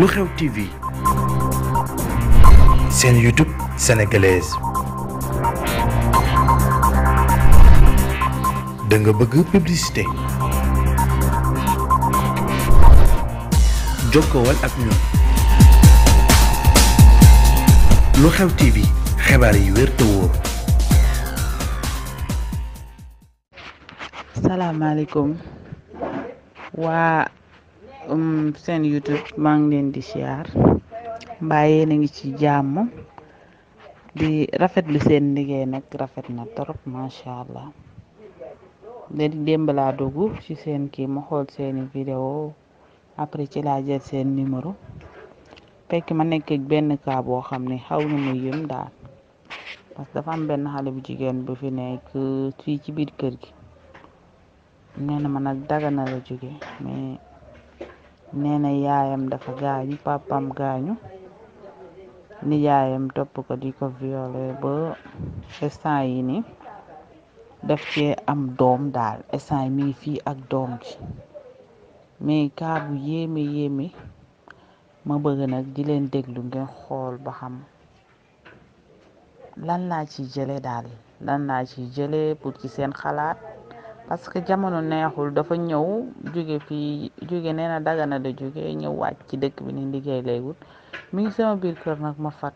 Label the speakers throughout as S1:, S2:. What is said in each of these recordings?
S1: lu xew TV seen YouTube sénégalaise da bëgg publicité jokkowal ak ñun lu xew TV xibaar yi wér te wóor.
S2: salaamaaleykum waa. Um, seen YouTube maa ngi leen di siyaar mbaa yéen a ngi ci jàmm di lu seen liggéey nag rafet na trop macha allah léegi démb laa dugg ci seen kii ma xool seeni vidéo après ci laa seen numéro fekk ma nekk ak benn kaa boo xam ne xaw na ma yëm daal parce que dafa am xale bu jigéen bu fi nekk ci ci biir kër gi nee na ma nag daga na la jóge mais. nee yaayam dafa gaañu papam gaañu ni yaayam topp ko di ko violé ba instant yi ni daf cee am doom daal instant mi ngi fii ak doom ji mais kaa bu yéeme ma bëgg nag di leen déglu ngeen xool ba xam lan laa ci jële daal lan laa ci jële pour ci seen xalaat parce que jamono neexul dafa ñëw jóge fii jóge nee na dagana la jóge ñëw wàcc ci dëkk bi ni liggéey lay wut mi ngi sama biir kër nag ma fat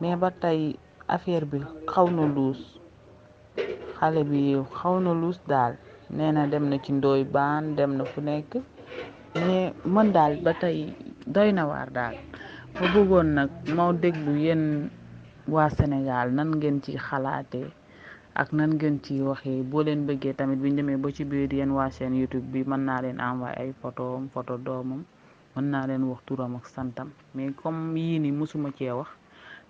S2: mais ba tey affaire bi xaw na luus xale bi xaw na luus daal nee na dem na ci ndooy baan dem na fu nekk mais man daal ba tey doy na waar daal ma bëggoon nag ma déglu yéen waa Sénégal nan ngeen ci xalaatee ak nan ngeen ci waxee boo leen bëggee tamit bu ñu demee ba ci biir yéen waa seen YouTube bi mën naa leen envoyé ay photo photo doomam mën naa leen wax turam ak santam mais comme yii ni mosuma cee wax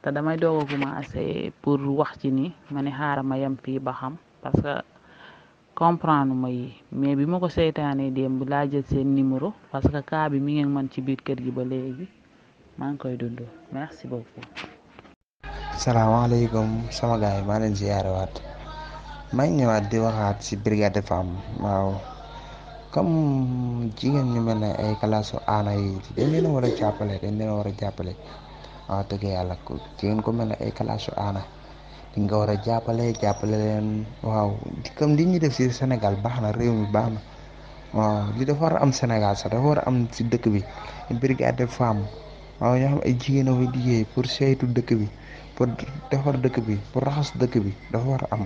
S2: te damay doog a commencé pour wax ci ni ma ne xaaral ma yem fii ba xam parce que comprendre ma yi mais bi ma ko seytaanee dem bu jël seen numéro parce que cas bi mi ngeen man ci biir kër gi ba léegi maa ngi koy dund merci beaucoup.
S1: salaamaaleykum sama gars maa leen may ñëwaat di waxaat ci brigade des femmes waaw comme jigéen ñu mel ne ay kalaasu aana yi dañ leen a war a jàppale dañ leen a war a jàppale waaw dëgg yàlla jigéen ko mel ne ay kalaasu aana di nga war a jàppale jàppale leen waaw comme li ñuy def ci Sénégal baax na réew mi baax na waaw li dafa war am Sénégal sa dafa war a am si dëkk bi brigade des femmes waaw ñoo jigéen a fa liggéey pour saytu dëkk bi pour defar dëkk bi pour raxas dëkk bi dafa war a am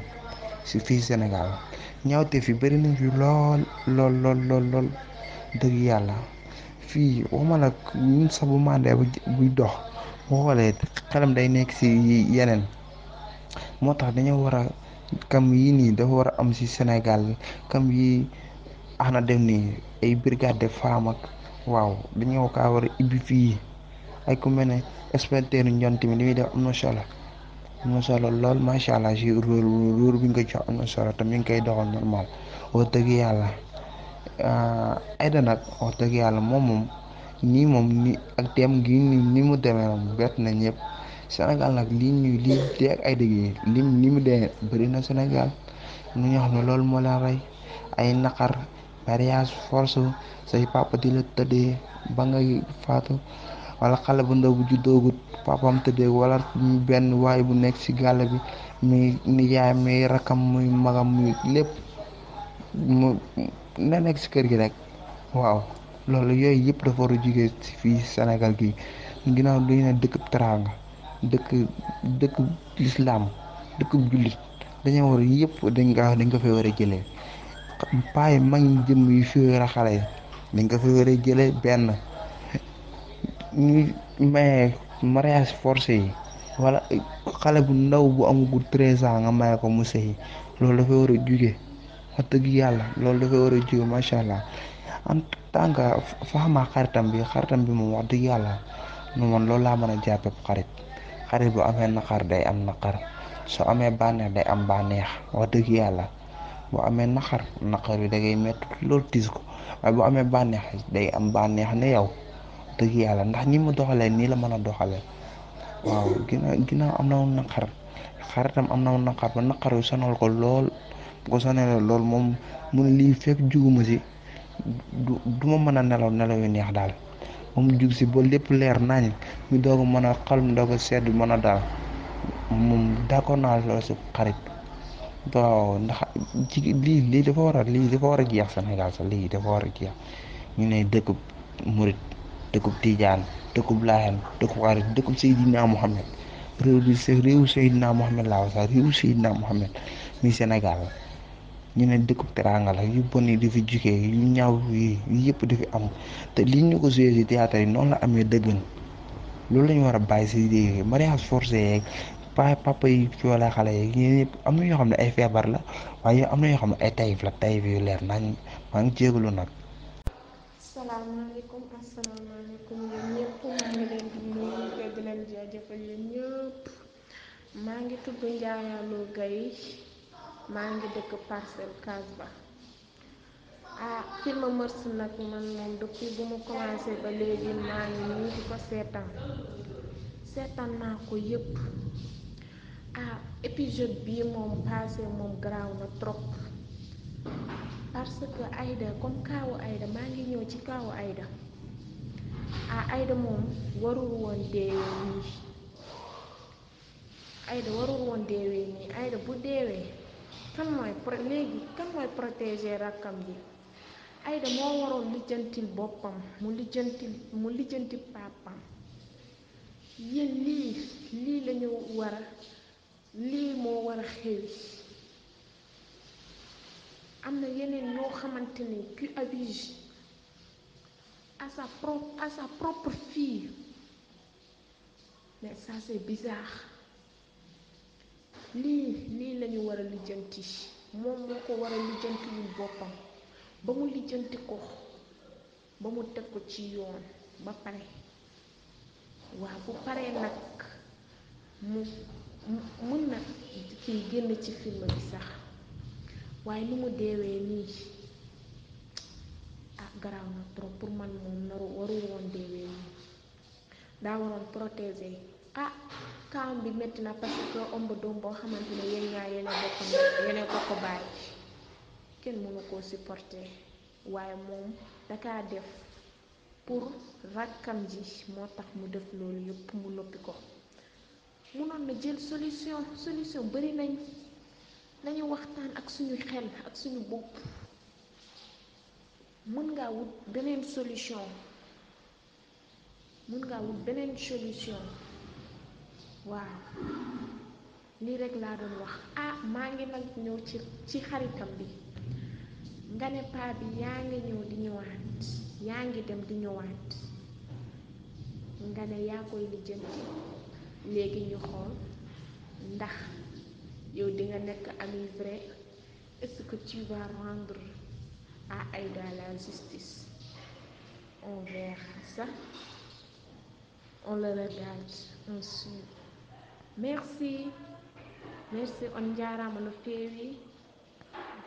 S1: si fii Sénégal ñaawteef yi bëri nañ fi lool lool lool lool lool dëgg yàlla fii waxuma la ñun buy dox boo day nekk si yeneen moo tax dañoo war a kam yi nii dafa war a am si Sénégal kam yi ana dem nii ay brigade de femme ak waaw dañoo kaa war a ibbi fii ay ku mel ne inspecteur ñoom tamit li muy def am na solo am solo lool macha allah si ruur bi nga jox am solo te mi ngi koy doxal normal wax dëgg yàlla Aida ah, nag wax dëgg yàlla moom moom nii moom ni ak teem gi ni mu demee moom bett na ñëpp Sénégal nag lii ñuy lii dee li ni mu dee bëri na Sénégal ñu ñoo xam ne loolu moo la ay naqar mariage force say papa di la tëddee ba nga faatu wala xale bu ndaw bu juddoogut papam tëddee wala benn waay bu nekk ci gàll bi muy nijaay muy rakkam muy magam muy lépp mu na nekk ci kër gi rek waaw loolu yooyu yëpp dafa war a jugee fii senegal gi ginnaaw dañu ne dëkk teraanga dëkk dëkk lislaam dëkk jullit war yëpp dañ ko dañ ko fay war a jëlee paay mag ñi jëm yu fi war a xale dañ ko fay war a jëlee benn ñuy maye mariage forcé yi wala xale bu ndaw bu amagul treize ans nga maye ko mu sëy loolu dafa war a jóge dëgg yàlla loolu dafa war a jóge macha allah en tant que faxamaa xaritam bi xaritam bi moom wax dëgg yàlla nu man loolu laa mën a jàppee xarit xarit bu amee naqar day am naqar soo amee bànneex day am bànneex wax dëgg yàlla bu amee naqar naqar bi da ngay loolu tiis ko waaye bu amee bànneex day am bànneex ne yow dëgg yàlla ndax ni ma doxalee nii la mën a doxalee waaw am na woon naqar am na woon naqar ba yu sonal ko lool ko sonalee lool moom mu lii fekk juguma si du du mën a nelaw nelaw yu neex daal moom jug si ba lépp leer nañ mi doog a mën a xel mi doog sedd mën a daal mu d'accord naa lool si xarit ndax ci lii lii dafa war a lii dafa war a jeex Sénégal sax lii dafa war a jeex dëkk murit dëkkub Tidiane dëkkub Lahem dëkkub xaarit dëkkub Seydina Mohamed réew bi se réewu Seydina Mohamed laa wax sax réewu Seydina Mohamed muy Sénégal ñu ne dëkkub teraanga la yu bon yi di fi jugee yu ñaaw yi yëpp di fi am te li ñu ko suyee si théâtre yi noonu la amee dëggan loolu lañu ñu war a bàyyi si dégg mariage forcé yeeg papa yi coola xale yeeg yéen am na ñoo xam ne ay feebar la waaye am na ñoo xam ne ay tayif la tayif yu leer nañ maa ngi jégalu nag.
S3: asalaamaaleykum asalaamaaleykum yéen ñëpp maa ngi leen di nuyu te di leen jaajëfal yéen ñëpp maa ngi tudd Ndiaye Lo Gaye maa ngi dëkk Parcelles Casbah ah film Mœurs nag man moom depuis bu mu commencé ba léegi maa ngi nii di ko seetaan seetaan naa ko yépp ah bi bii moom passé moom garaaw na trop. parce que Aïda comme kaawu Aïda maa ngi ñëw ci kaawu Aïda ah Aïda moom warul woon deewee nii Aïda warul woon deewee nii Aïda bu deewee kan mooy léegi kan mooy protéger rakkam ji Aïda moo waroon lijjantil boppam mu lijjantil mu lijjanti pàppam yéen lii lii lañu wara lii moo wara a am na yeneen ñoo xamante ne qui abuse à sa propre propre fille mais ça c'est bizarre lii lii lañu war a lijjanti moom moo ko war a lijjanti ñu boppam ba mu lijjanti ko ba mu teg ko ci yoon ba pare waaw bu paree nag mu mën na kii génn ci film bi sax waaye nu mu deewee nii ah garaaw na trop pour man moom na waru woon deewee nii daa waroon protéger ah kaam bi métti na parce ëmb doom boo xamante ne yéen ñaa yéen a bokk yéen a bokk bàyyi kenn mënu koo supporter waaye moom daka def pour rakkam ji moo tax mu def loolu yëpp mu noppi ko munoon na jël solution solution bari nañ nañu waxtaan ak suñu xel ak suñu bopp mën ngaa wut beneen solution beneen solution waaw lii rekk laa doon wax ah maa ngi nag ñëw ci xaritam bi nga ne paa bi yaa ngi ñëw di ñëwaat yaa ngi dem di ñëwaat nga ne yaa koy lijjanti léegi ñu xool ndax nga nekk enivré est-ce que tu vas rendre à Aïda la justice on verra ça on le no feewi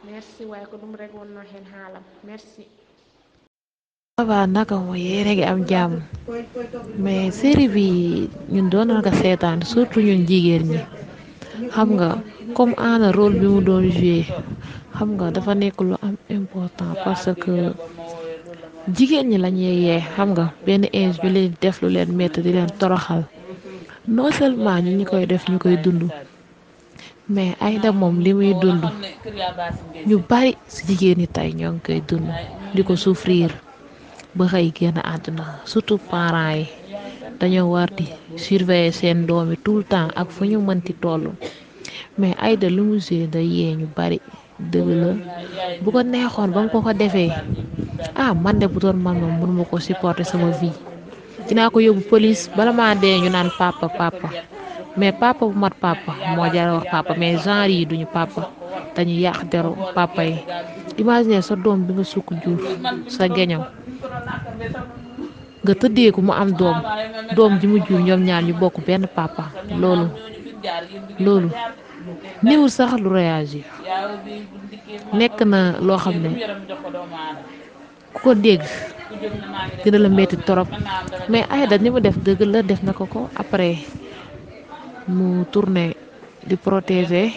S3: merci way ko ɗum rek wonno hen merci
S4: aba naka mo yeerege am jàmm mais série bi ñun doonoon nga seetaan surtout ñu jigéen ñi xam nga comme Anna rôle bi mu doon joué xam nga dafa nekk lu am important parce que jigéen ñi lañuy yee xam nga benn âge bi leen def lu leen métti di leen toroxal noo seulement ñu ñu koy def ñu koy dund mais Aïda moom li muy dund ñu bari si jigéen ñi tey ñoo ngi koy dund di ko souffrir ba xëy génn àdduna surtout parent yi dañoo war di surveiller seen doom yi tout le temps ak fu ñu mënti tollu mais Aïda lu mu joué da yee ñu bari dëgg la bu ko neexoon ba mu ko ko defee ah man de bu doon man moom mënuma ko supporter sama vie dinaa ko yóbbu police bala maa dee ñu naan papa papa mais papa bu mat papa moo jar wax papa mais genre yi duñu papa dañu yàq deru papa yi imagine sa doom bi nga sukk jur sa geñam nga tëddee ko mu am doom doom ji mu jur ñoom ñaar ñu bokk benn papa loolu loolu néewul sax lu yi
S2: nekk na loo xam ne ku ko dégg dina la metti torop mais da ni
S4: mu def dëgg la def na ko ko après mu tourné di protéger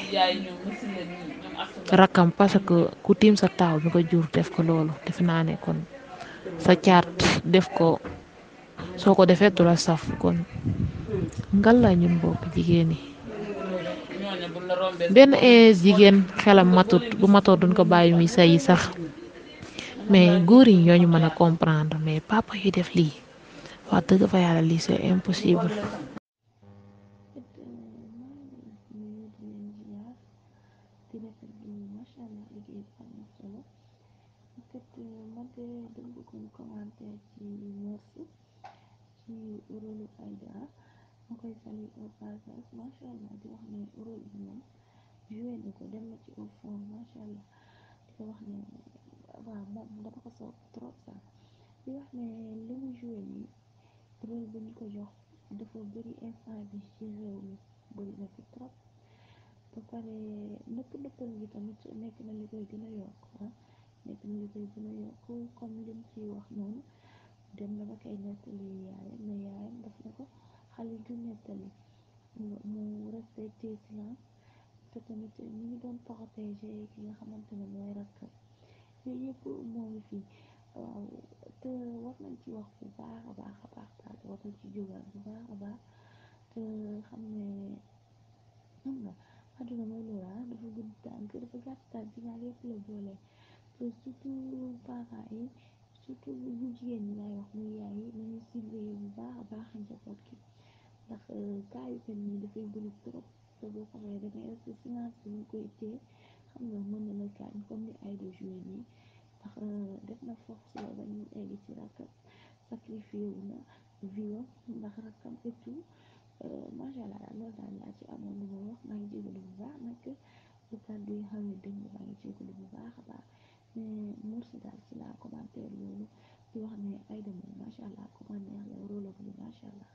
S4: rakkam parce que ku tiim sa taaw bi ko jur def ko loolu def naa ne kon sa caat def ko soo ko defee du la saf kon ngal la ñun bokk benn jigéen xelam matut bu matoo duñ ko bàyyi muy sayi sax mais góor yi ñooñu mën a comprendre mais papa yu def lii wax dëgg fa yàlla lii c'est impossible.
S5: ma koy salué au ma macha allah di wax ne rôle bi moom joué ko dem na ci au fond macha allah di ko wax ne waaw moom dama ko soog ñu ko jox dafa bëri instant bi ci réew mi bëri na fi trop ba pare nëpp nëppal gi tamit nekk na li koy gën a yokk ah lim ci wax noonu dem na ba koy nekk yaayam ne yaayam daf na ko. xale ju nettali mu te tamit mu ngi doon protégé ki nga xamante ne mooy rakkam moo ngi fii war nañ ci wax bu baax ci jógaat bu baax a baax te xam ne na nga àdduna mooy loolu ah, dafa gudd tànk dafa gàtt tànk ñaar yëpp la boole te surtout bu jigéen ñi laay wax muy yaay yi nañu ciblé bu baax a baax njaboot ndax euh, cas yu mel dafay bëri trop te boo xamee da ngay resté bi ñu koy téye xam nga mën na la gaañ comme ni ay de joué nii ndax euh, def na foofu si la ba egg ci rakkam sacrifié wu na viom ndax rakkam et tout euh, macha allah daal laa ci amoon lu wax maa ngi jégalu bu baax nag bu kàddu yi xawee dëng maa ngi jégalu bu baax baa baax mais merci daal ci la commentaire loolu ci wax ne ay de moom macha allah commentaire la rôle bi macha allah.